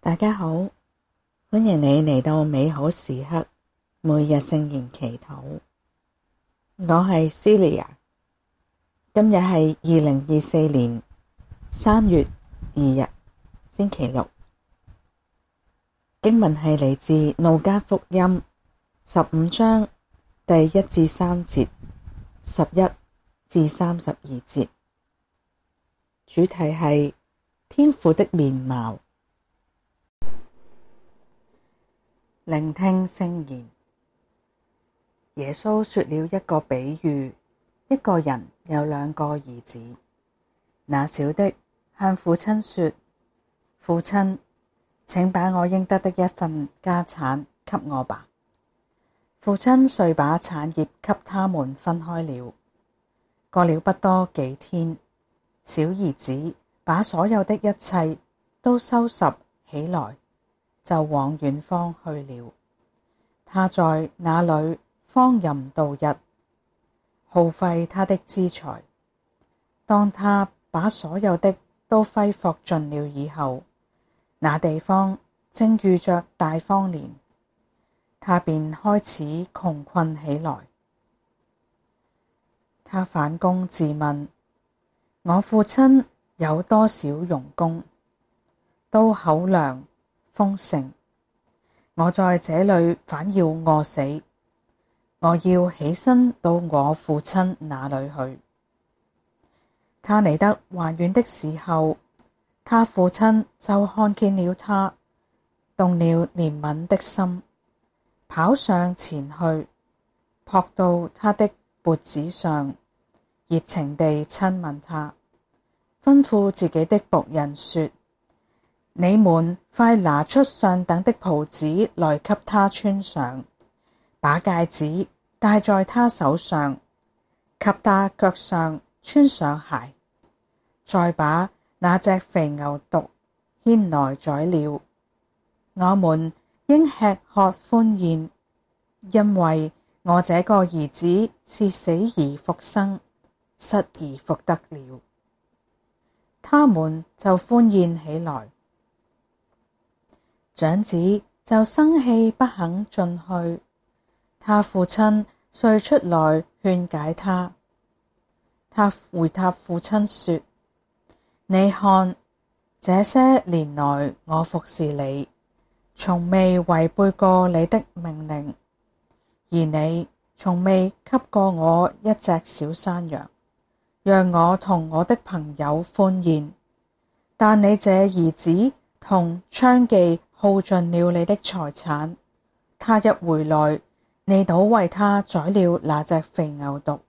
大家好，歡迎你嚟到美好時刻每日聖言祈禱。我係 Celia，今日係二零二四年三月二日星期六。經文係嚟自《路加福音》十五章第一至三節，十一至三十二節。主題係天父的面貌。聆聽聖言，耶穌說了一個比喻：一個人有兩個兒子，那小的向父親說：父親，請把我應得的一份家產給我吧。父親遂把產業給他們分開了。過了不多幾天，小兒子把所有的一切都收拾起來。就往遠方去了。他在那裏荒淫度日，耗費他的資財。當他把所有的都揮霍盡了以後，那地方正遇着大荒年，他便開始窮困起來。他反躬自問：我父親有多少傭工，都口糧，豐盛，我在這裏反要餓死，我要起身到我父親那裏去。他離得還遠的時候，他父親就看見了他，動了憐憫的心，跑上前去，撲到他的脖子上，熱情地親吻他，吩咐自己的僕人說。你們快拿出上等的袍子來給他穿上，把戒指戴在他手上，給他腳上穿上鞋，再把那隻肥牛犢牽來宰了。我們應吃喝歡宴，因為我這個兒子是死而復生、失而復得了。他們就歡宴起來。長子就生氣，不肯進去。他父親遂出來勸解他。他回答父親說：「你看，這些年來我服侍你，從未違背過你的命令，而你從未給過我一隻小山羊，讓我同我的朋友歡宴。但你這兒子同娼妓。耗盡了你的財產，他一回來，你倒為他宰了那隻肥牛犢。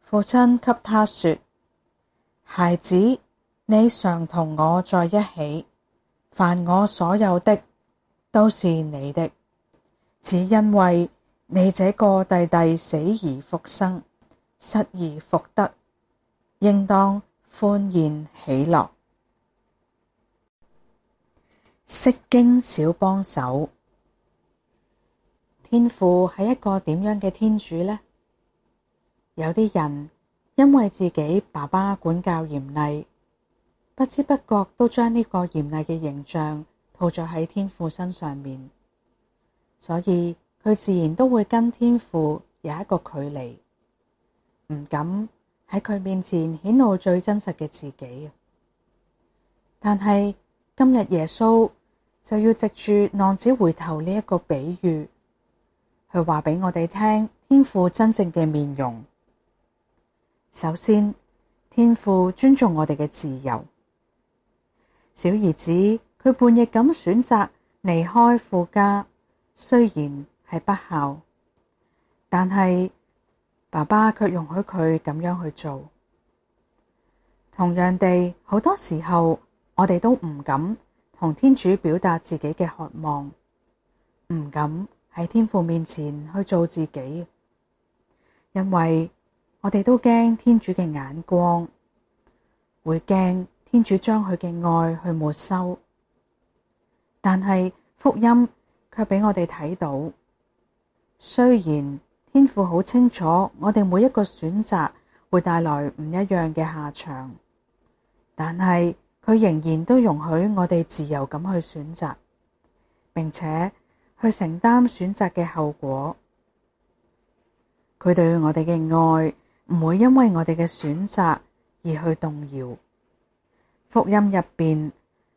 父親給他說：「孩子，你常同我在一起，凡我所有的，都是你的。只因為你這個弟弟死而復生，失而復得，應當歡宴喜樂。釋經小幫手，天父係一個點樣嘅天主呢？有啲人因為自己爸爸管教嚴厲，不知不覺都將呢個嚴厲嘅形象套咗喺天父身上面，所以佢自然都會跟天父有一個距離，唔敢喺佢面前顯露最真實嘅自己。但係今日耶穌。就要藉住浪子回頭呢一個比喻去話畀我哋聽，天父真正嘅面容。首先，天父尊重我哋嘅自由。小兒子佢叛逆咁選擇離開父家，雖然係不孝，但係爸爸卻容許佢咁樣去做。同樣地，好多時候我哋都唔敢。同天主表達自己嘅渴望，唔敢喺天父面前去做自己，因為我哋都驚天主嘅眼光，會驚天主將佢嘅愛去沒收。但係福音卻俾我哋睇到，雖然天父好清楚我哋每一個選擇會帶來唔一樣嘅下場，但係。佢仍然都容許我哋自由咁去選擇，並且去承擔選擇嘅後果。佢對我哋嘅愛唔會因為我哋嘅選擇而去動搖。福音入邊，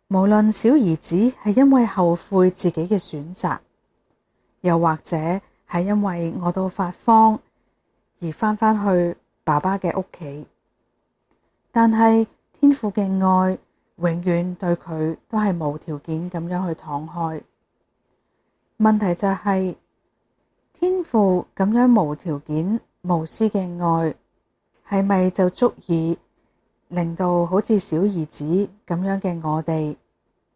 無論小兒子係因為後悔自己嘅選擇，又或者係因為餓到發慌而翻返去爸爸嘅屋企，但係天父嘅愛。永遠對佢都係無條件咁樣去敞開。問題就係，天父咁樣無條件、無私嘅愛，係咪就足以令到好似小兒子咁樣嘅我哋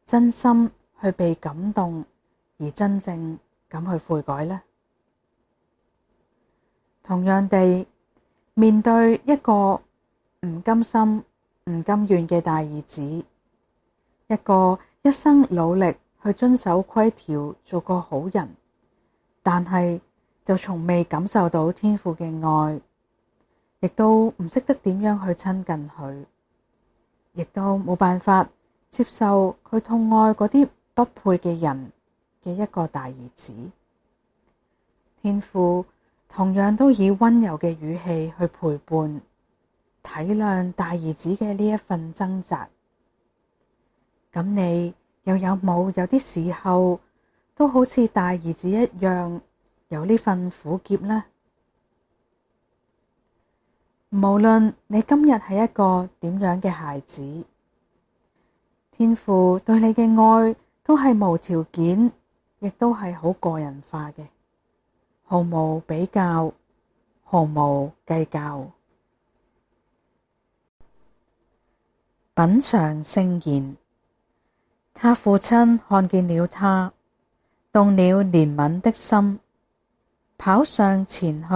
真心去被感動，而真正咁去悔改呢？同樣地，面對一個唔甘心。唔甘願嘅大兒子，一個一生努力去遵守規條，做個好人，但係就從未感受到天父嘅愛，亦都唔識得點樣去親近佢，亦都冇辦法接受佢痛愛嗰啲不配嘅人嘅一個大兒子。天父同樣都以溫柔嘅語氣去陪伴。體諒大兒子嘅呢一份掙扎，咁你又有冇有啲時候都好似大兒子一樣有呢份苦澀呢？無論你今日係一個點樣嘅孩子，天父對你嘅愛都係無條件，亦都係好個人化嘅，毫無比較，毫無計較。品嚐聖言，他父親看見了他，動了憐憫的心，跑上前去，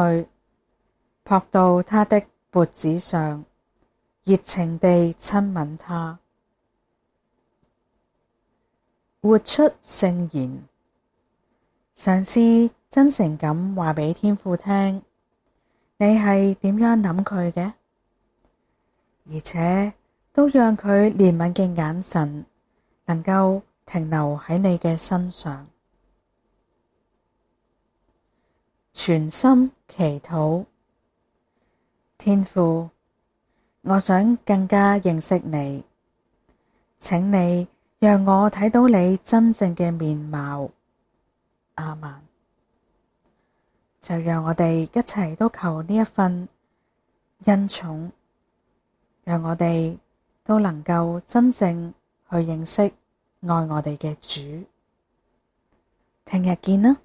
撲到他的脖子上，熱情地親吻他。活出聖言，嘗試真誠咁話俾天父聽，你係點樣諗佢嘅？而且。都讓佢憐憫嘅眼神能夠停留喺你嘅身上，全心祈禱。天父，我想更加認識你，請你讓我睇到你真正嘅面貌。阿們。就讓我哋一齊都求呢一份恩寵，讓我哋。都能夠真正去認識愛我哋嘅主，聽日見啦。